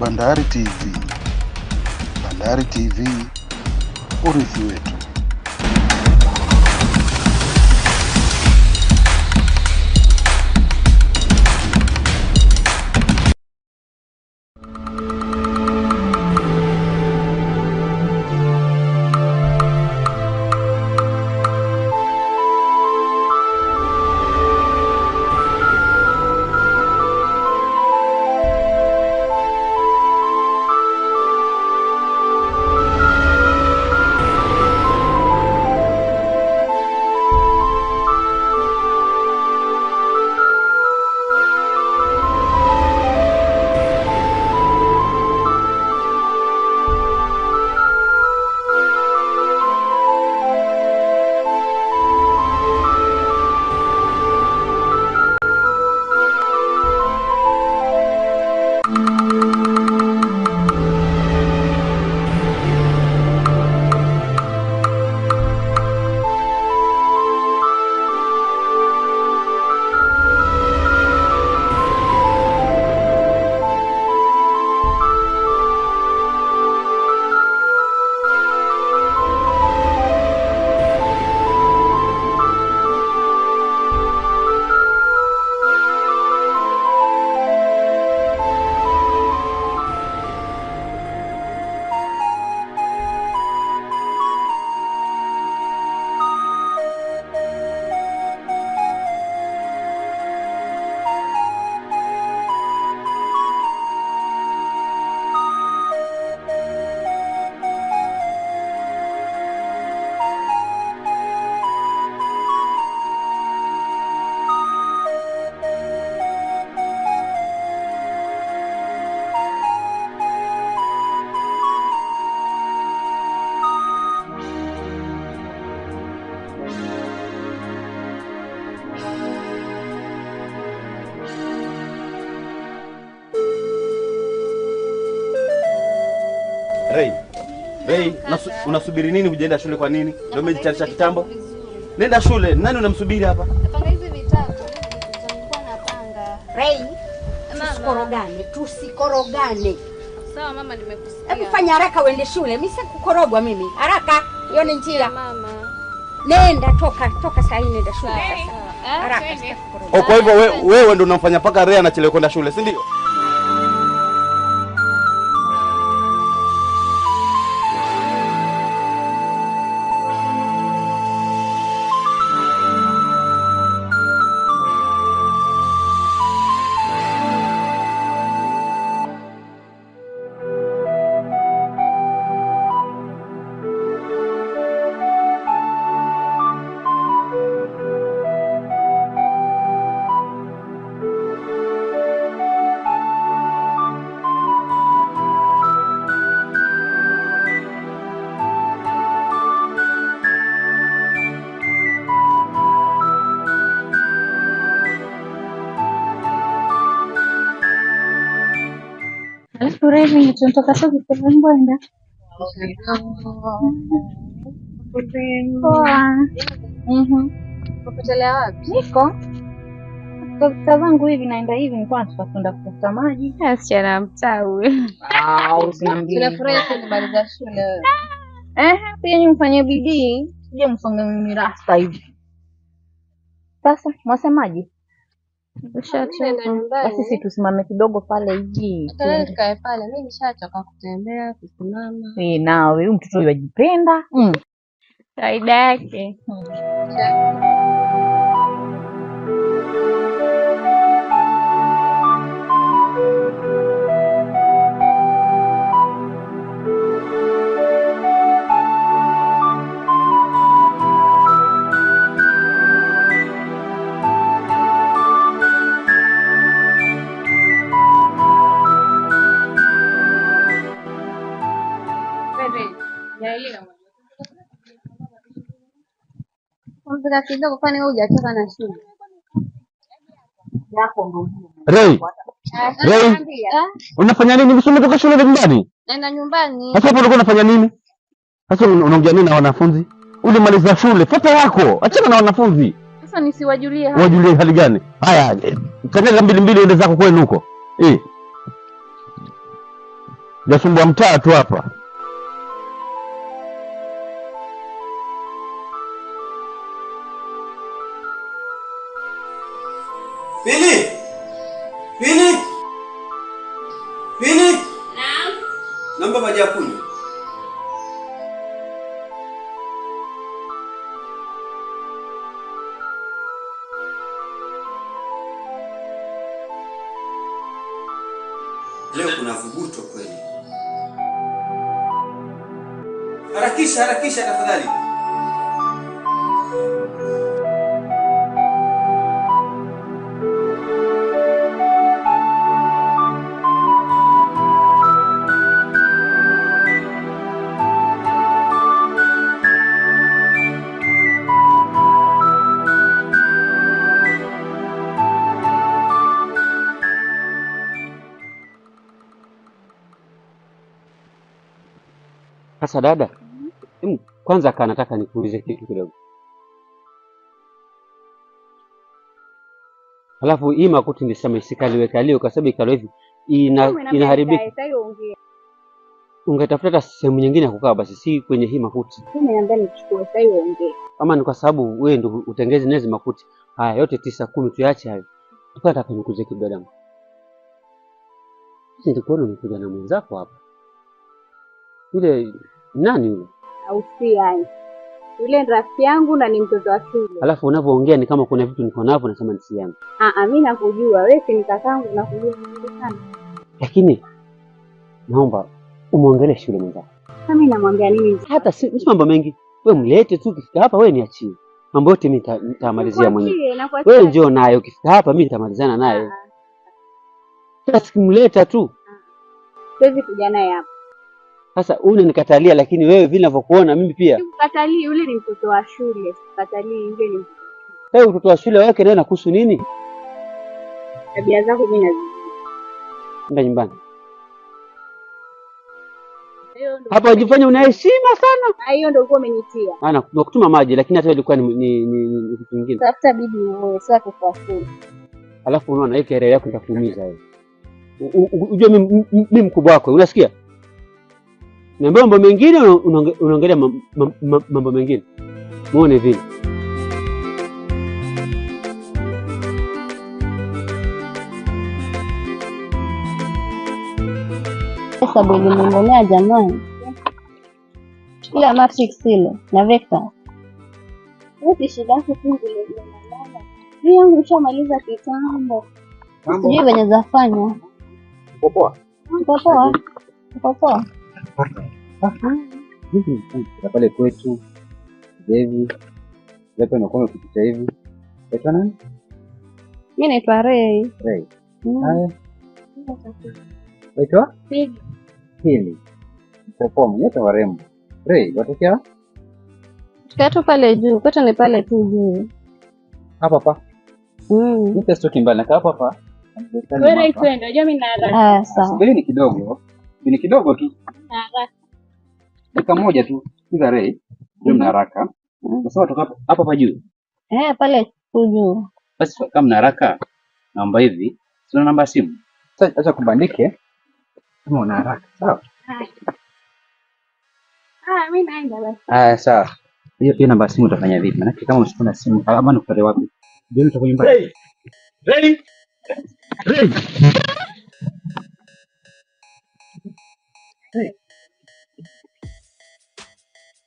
bandari tv bandari tv uridzi wetu Unasubiri nini? Hujaenda shule kwa nini? Ndio umejitayarisha kitambo? Nenda shule. Nani unamsubiri hapa? Tusikorogane, tusikorogane. Sawa mama, nimekusikia. Hebu fanya haraka uende shule. Mimi kukorogwa mimi. Haraka, hiyo ni njia. Nenda toka, toka sasa hivi nenda shule Haraka. Eh, oh, kwa hivyo wewe ndio unamfanya paka Rea anachelewa kwenda shule, si ndio? hivi nitoka sasa kwa mbonda kupotelea wapi? Niko katika zangu hivi naenda hivi, nilikuwa nataka kutafuta maji. Asichana Pia ni mfanye bidii, sije msonge mimi rasta hivi. Sasa mwasemaje? Sisi tusimame kidogo pale hivi. Tukae pale. Mimi nishachoka kutembea, kusimama. E, nawe huyu mtoto yajipenda. Mm. Faida yake. kila kidogo, kwani wewe hujatoka na shule Rei, ah, Rei, ah? unafanya nini? Msio umetoka shule nyumbani? Naenda nyumbani. Sasa hapo ulikuwa unafanya nini? Sasa unaongea nini na wanafunzi? Ulimaliza shule, fuata yako. Achana na wanafunzi. Sasa nisiwajulie hapa. Wajulie hali gani? Haya, kanyaga mbili mbili uende zako kwenu huko. Eh. Jasumbua mtaa tu hapa. Pili. Pili. Pili. Naam. Naomba maji ya kunywa. Leo kuna vuguto kweli. Harakisha, harakisha tafadhali. Sasa dada, hebu kwanza kaa, nataka nikuulize kitu kidogo. Alafu hii makuti nisema isikaliwekalio kwa sababu ikalo hivi ina, inaharibika. Ungetafuta hata sehemu nyingine ya kukaa basi, si kwenye hii makuti. Ama ni kwa sababu wewe ndio utengeze nezi makuti haya yote tisa kumi, tuache hayo. Nataka nikuze kitu dada, nilikuona nikuja na mwenzako hapa yule nani yule? Ausiai Yule ni rafiki yangu na ni mtoto wa shule. Alafu unavyoongea ni kama kuna vitu niko navyo nasema ni siani. Ah ah, mimi nakujua. Wewe si mkakangu nakujua sana. Lakini naomba umwongelee shule mwenzako. Mimi namwambia nini? Hata si mambo mengi. We mlete tu, ukifika hapa we niachie mambo yote, mi nitamalizia mwenyewe. Wewe njoo naye, ukifika hapa mi nitamalizana naye. Sasa sikimleta tu, siwezi kuja naye hapa. Sasa ule nikatalia, lakini wewe vile ninavyokuona mimi pia nikukatalia. Yule ni mtoto wa shule, sikatalia yule ni mtoto hey, mtoto wa shule wake naye nakuhusu nini? Tabia zako mimi nazijua. Nenda nyumbani. Hapo wajifanya una heshima sana. Ah, hiyo ndio ulikuwa umenitia. Ana nakutuma maji lakini hata ilikuwa ni ni ni kitu kingine. Tafuta bibi wewe, sio kufuatia. Alafu unaona hii kelele yako itakuumiza wewe. Unajua mimi mkubwa wako, unasikia? niambia mambo mengine, unaongelea mambo mengine, muone vile hesabu iliniondolea jamani, kila matrix ile na vector wote shida yako tu mimi yangu nishamaliza kitambo, sijui venye zafanya. Poa poa poa poa pale kwetu hivi lepo nakuwa umepitisha hivi. Naitwa nani? Mi naitwa Rei. Rei. Mm. Haya, naitwa hili popoa, mwenyewe warembo. Rei, watokea tukatu pale juu, kwetu ni pale tu juu hapa hapa. Mimi sitoki mbali, nakaa hapa hapa. Wewe Rei, twende, unajua mimi Ah, sawa. Subiri ni kidogo ni kidogo tu, dakika moja tu. Sikiza Rei, ndio mna mhm. haraka, nasema mhm. toka juu eh, pale juu. Basi kama mna haraka, naomba hivi, sina namba ya simu. Acha kubandike kama una haraka, sawa? Ah, sawa. Hiyo hiyo namba ya simu utafanya vipi? kama simu, ama nikupate wapi? nyumbani. Rei, Rei, Rei.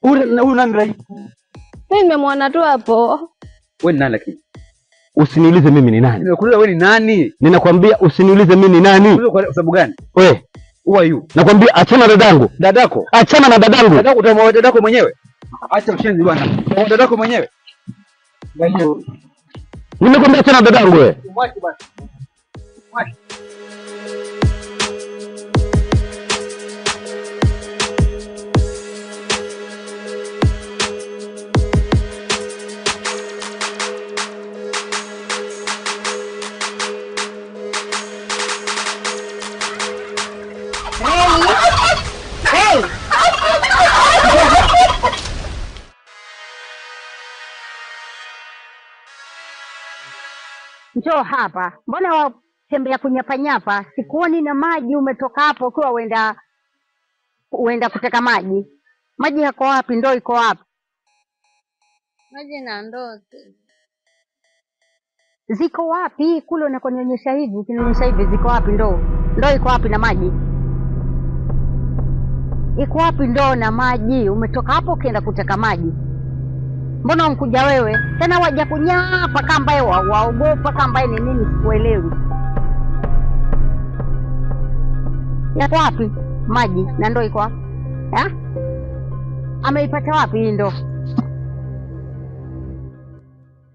Huyu Mimi nimemwona tu hapo. Wewe ni nani lakini? Usiniulize mimi ni nani. Nimekuuliza wewe ni nani? Ninakwambia usiniulize mimi ni nani. Kwa sababu gani? Wewe who are you? Nakwambia achana dadangu. Dadako? Achana na dadangu. Dadako utamwoa dadako mwenyewe? Acha ushenzi bwana. Utamwoa dadako mwenyewe? Nimekwambia achana na dadangu wewe. Mwache basi. Mwache. njoo hapa, mbona watembea kunyapanyapa? Sikuoni na maji, umetoka hapo ukiwa uenda uenda kuteka maji. Maji yako wapi? Ndoo iko wapi? Maji na ndoo ziko wapi? Kule unakonionyesha hivi, ukinionyesha hivi, ziko wapi ndoo? Ndoo iko wapi na maji iko wapi? Ndoo na maji, umetoka hapo ukienda kuteka maji mbona umkuja wewe tena, waja kunyaa paka ambaye waogopa paka ambaye ni nini, sikuelewi. Yako wapi maji na ndoo iko wapi? Ameipata wapi hii ndoo?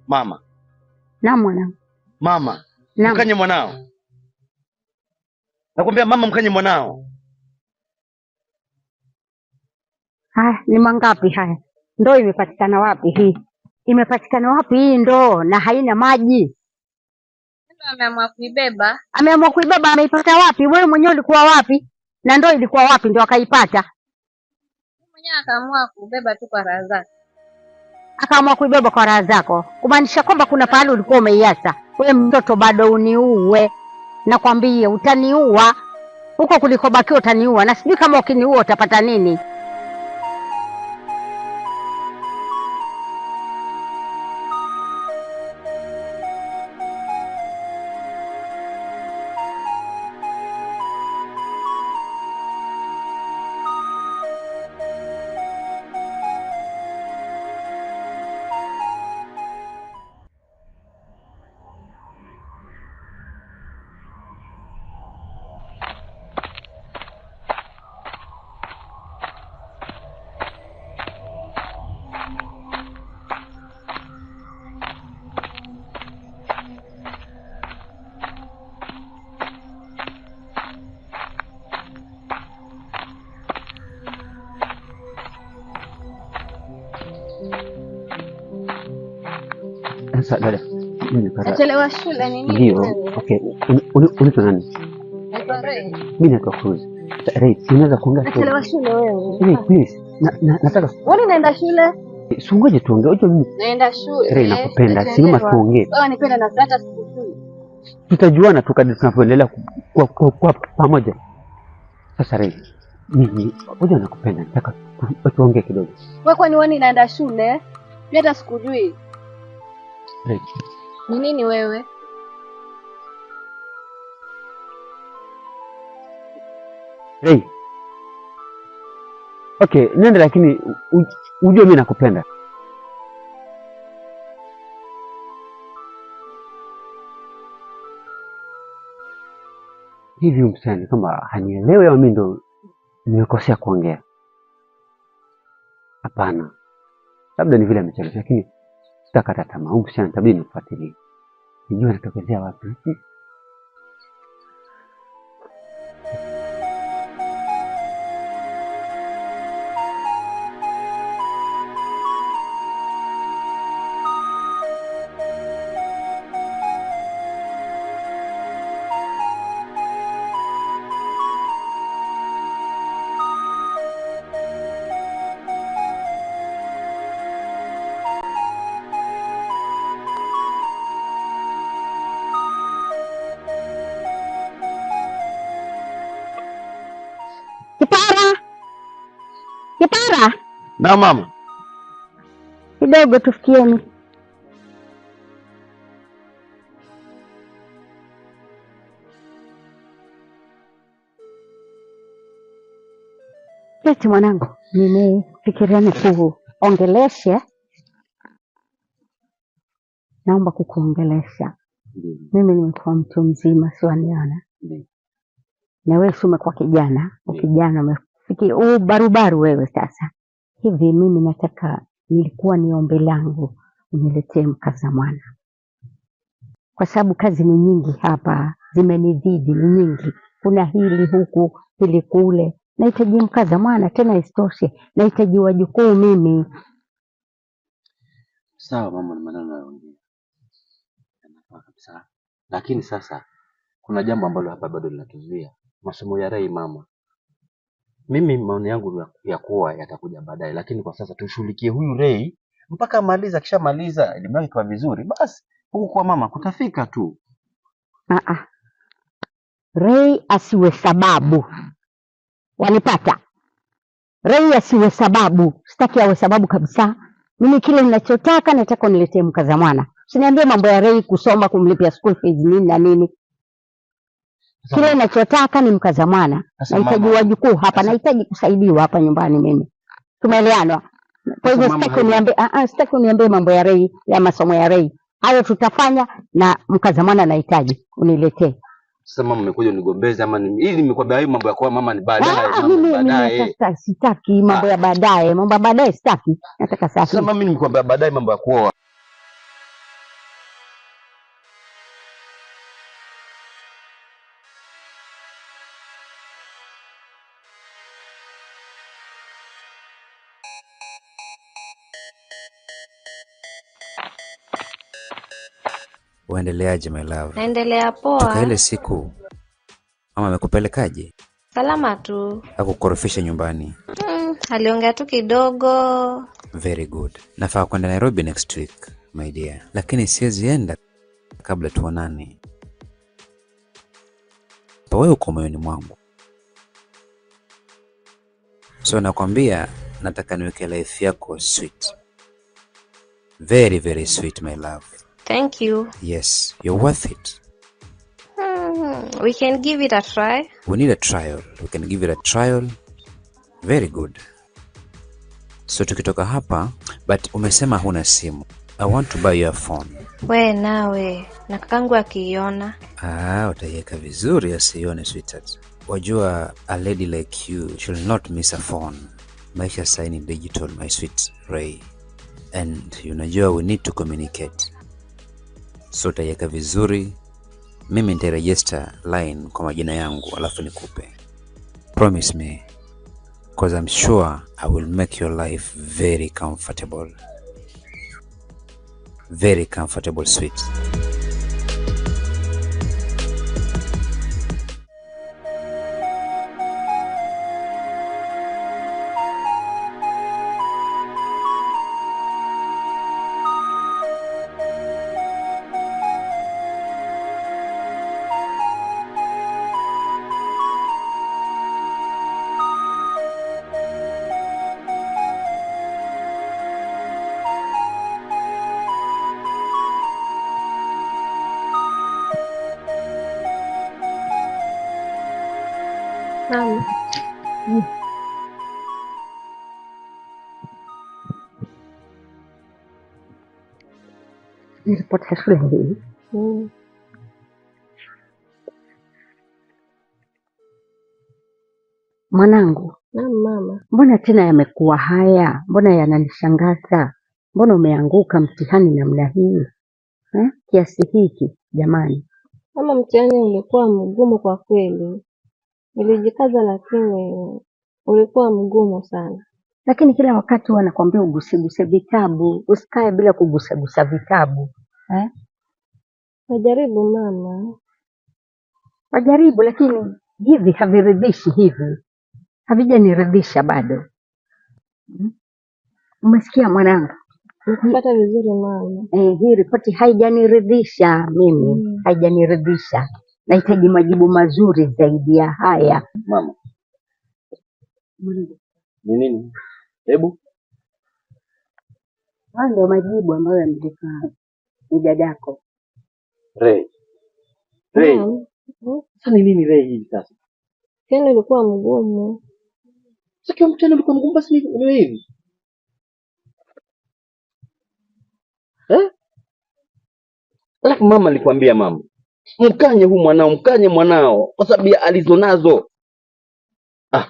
Mama na mwana mama na mkanye mwanao, nakwambia mama, mkanye mwanao. Haya ni mangapi haya? Ndoo imepatikana wapi hii? Imepatikana wapi hii ndoo na haina maji? Ameamua kuibeba, ameamua kuibeba. Ameipata wapi? Wewe mwenyewe ulikuwa wapi na ndoo ilikuwa wapi ndio akaipata? Mwenyewe akaamua kubeba tu kwa raha zake, akaamua kuibeba kwa raha zako, kumaanisha kwamba kuna pahali ulikuwa umeiasa wewe. Mtoto bado uniue, nakwambia utaniua huko kulikobakia utaniua na sijui kama ukiniua utapata nini. Sasa dada, nachelewa shule nini? Ndio, okay. Unaitwa nani? Mimi naitwa Cruz. Unaweza kuongea? Nachelewa shule wewe. Please, nataka wewe unaenda shule? Si tuongee. Unajua mimi naenda shule. Rei, nakupenda. Si lazima tuongee. Wewe unipenda na hata tutajuana tu kadri tunavyoendelea kwa pamoja. Sasa Rei, mimi unajua nakupenda. Nataka tuongee kidogo. Wewe kwani wani naenda shule? Mimi hata sikujui ni nini wewe. Hey. Okay, nenda lakini ujue mimi nakupenda. Hivi msani kama hanielewi, ama mimi ndo nimekosea kuongea? Hapana, labda ni vile amechelewa, lakini sitakata tamaa. Huyu msichana tabidi nifuatilie, nijue anatokezea wapi. Kipara. Na mama. Kidogo tufikieni. Eti mwanangu, nimefikiria nikuongeleshe. Naomba kukuongelesha. Mimi nimekuwa mtu mzima, siwaniona na wewe si umekuwa kijana, ukijana u barubaru wewe sasa. Hivi mimi nataka, nilikuwa ni ombi langu uniletee mkaza mwana, kwa sababu kazi ni nyingi hapa, zimenidhidi ni nyingi, kuna hili huku hili kule, nahitaji mkaza mwana, tena isitoshe nahitaji wajukuu mimi. Sawa mama, ni maneno nayoongea yanafaa kabisa, lakini sasa kuna jambo ambalo hapa bado linatuzuia masomo ya Rai mama mimi maoni yangu ya kuwa yatakuja baadaye, lakini kwa sasa tushughulikie huyu Rei mpaka amaliza. Akishamaliza elimu yake kwa vizuri, basi huku kwa mama kutafika tu. Ah, ah. Rei asiwe sababu, wanipata? Rei asiwe sababu, sitaki awe sababu kabisa. Mimi kile ninachotaka nataka uniletee mkaza mwana, usiniambie mambo ya Rei kusoma, kumlipia school fees nini na nini. Kile ninachotaka ni mkaza mwana, nahitaji wajukuu hapa, nahitaji kusaidiwa hapa nyumbani mimi. Tumeelewana. Kwa hivyo sitaki uniambie, ah, ah, sitaki uniambie mambo ya Rei ya masomo ya Rei. Hayo tutafanya na mkaza mwana nahitaji uniletee. Sasa mama, mmekuja unigombeze ama ni Ili nimekwambia hayo mambo ya kwa mama ni baadaye. Ah, mimi mimi sitaki mambo ya ah. baadaye, mambo ya baadaye sitaki, nataka sasa. Sasa mama, mimi nimekwambia baadaye mambo ya kuoa. Waendeleaje my love? Naendelea poa. ile siku mama amekupelekaje? Salama tu. akukorofisha nyumbani? Mm, aliongea tu kidogo. Very good. Nafaa kwenda Nairobi next week my dear, lakini siwezi enda kabla tuonane. Wewe uko moyoni mwangu, so nakwambia, nataka niweke life yako sweet, very very sweet my love. Thank you. Yes, you're worth it. Hmm, we can give it a try. We need a trial. We can give it a trial. Very good. So tukitoka hapa, but umesema huna simu. I want to buy your phone. We nawe na kakangu akiiona, ah, utaiweka vizuri asione sweetheart. Wajua, a lady like you should not miss a phone. Maisha saini digital, my sweet Ray, and unajua we need to communicate so utaiweka vizuri. Mimi nitaregister line kwa majina yangu alafu nikupe. Promise me cause I'm sure I will make your life very comfortable, very comfortable sweet. pot verschillende mm. Mwanangu, naam mama, mbona tena yamekuwa haya? Mbona yananishangaza? Mbona umeanguka mtihani namna hii eh? kiasi hiki jamani. Mama, mtihani ulikuwa mgumu kwa kweli, nilijikaza lakini ulikuwa mgumu sana lakini kila wakati huwa nakwambia ugusiguse vitabu, usikae bila kugusagusa vitabu. Eh? Wajaribu mama, wajaribu lakini hivi haviridhishi, hivi havijaniridhisha bado. Hmm? Umesikia mwanangu? Nipata vizuri mama. Eh, hii ripoti haijaniridhisha mimi hmm. Haijaniridhisha, nahitaji majibu mazuri zaidi ya haya mama. Ni nini? Hebu hayo ndio majibu ambayo yametekana ni dadako Rei. Rei. Sasa ni nini Rei hivi sasa? Tena ilikuwa mgumu. Sasa kama ilikuwa mgumu basi ni hivi. Eh? Alafu mama alikwambia mama, mkanye huu mwanao, mkanye mwanao kwa sababu ya alizonazo. Ah.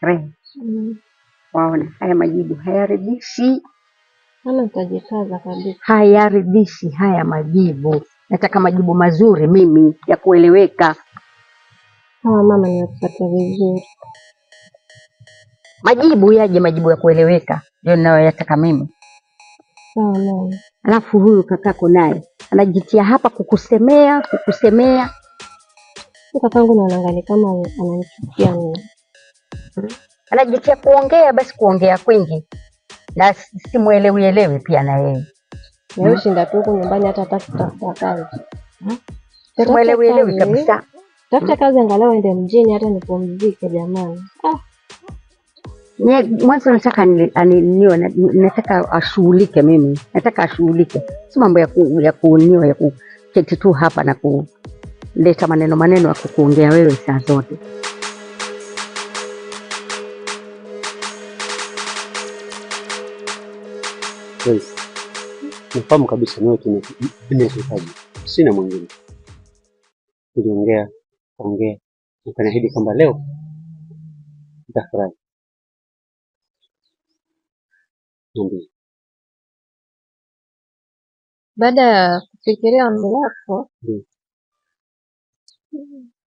Rei. Mm waona haya majibu hayaridishi, hayaridishi haya majibu. Nataka majibu mazuri mimi ya kueleweka. Sawa mama, nimekupatia vizuri. Majibu yaje, majibu ya kueleweka ndio ninayoyataka mimi. Sawa mama. Alafu huyu kakako naye anajitia hapa kukusemea, kukusemea. Kakangu naangalia kama ananichukia mimi. Hmm? anajitia kuongea basi kuongea kwingi na simuelewi elewi pia na yeye ushinda tu huku nyumbani, hata hataki kutafuta kazi, hmm? simuelewi elewi kabisa. Tafuta hmm. kazi angalau ende mjini, hata nipumzike jamani. Ah. mwanzo nataka nataka ashughulike mimi, nataka ashughulike, si mambo ya kunio ya kuketi tu hapa na kuleta maneno maneno ya kukuongea wewe saa zote. choice. Nafahamu kabisa wewe kimehitaji, sina mwingine. Niliongea ongea, ukaniahidi kwamba leo nitafurahi. Ndio baada ya kufikiria ombi lako,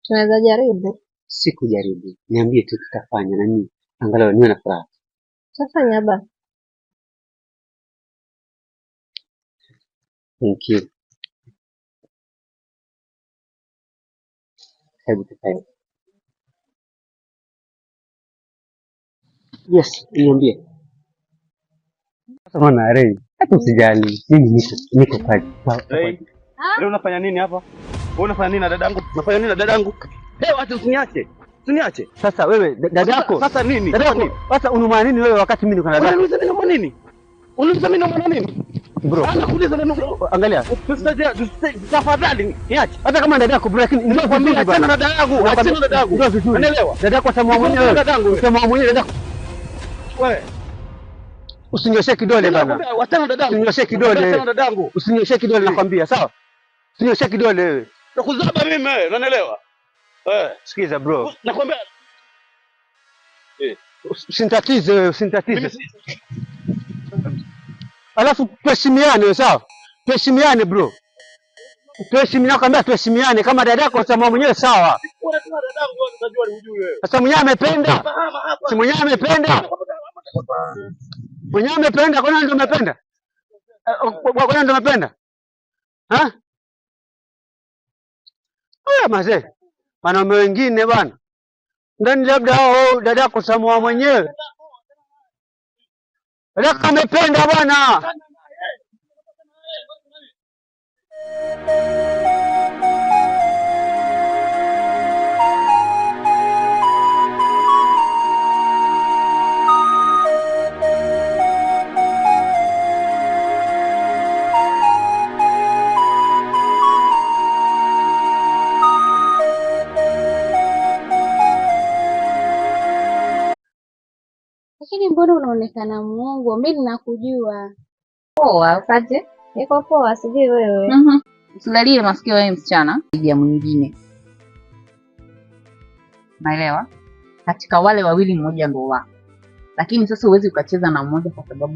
tunaweza jaribu. Sikujaribu, niambie tu tutafanya, nami angalau niwe na furaha. Tutafanya basi. Thank you. Have a good time. Yes, niambie. Sasa bwana Ray, hata usijali, mimi niko niko pale. Ray, Ray unafanya nini hapa? Wewe unafanya nini na dadangu? Unafanya nini na dadangu? Hey, wacha usiniache. Usiniache. Sasa wewe dada yako. Sasa nini? Dada yako. Sasa unamwona nini wewe wakati mimi niko na dada? Unaniuliza mimi nini? Unaniuliza mimi nini? bro. Anakuuliza neno. Angalia. Tafadhali niache. Hata kama dada yako bro, lakini ndio dada yangu. dada yangu. Unaelewa? Dada yako atamwona mwenyewe. Dada mwenyewe dada yako. Wewe. Usinyoshe kidole bana. Achana dada yangu. Usinyoshe kidole. Achana dada yangu. Usinyoshe kidole nakwambia, sawa? Usinyoshe kidole wewe. Nakuzaba mimi wewe, unanielewa? Eh, sikiza bro. Nakwambia. Eh. Usintatize wewe, usintatize alafu tuheshimiane, sawa? Tuheshimiane bro, tuheshimiane. Nakwambia tuheshimiane, kama dadako utamua mwenyewe sawa. Sasa mwenyewe amependa, si mwenyewe amependa, mwenyewe amependa, nini ndio amependa, nini eh, ndio amependa ha? Haya mazee, wanaume wengine bwana ndani, labda hao dadako utamua mwenyewe Peleka mependa bwana. Thank you. mbona unaonekana mwongo? Mi ninakujua poa. Upate iko poa, sijui wewe. Mhm. Usilalie masikio wewe, msichana ya mwingine, naelewa katika wale wawili mmoja ndo wako, lakini sasa huwezi ukacheza na mmoja kwa sababu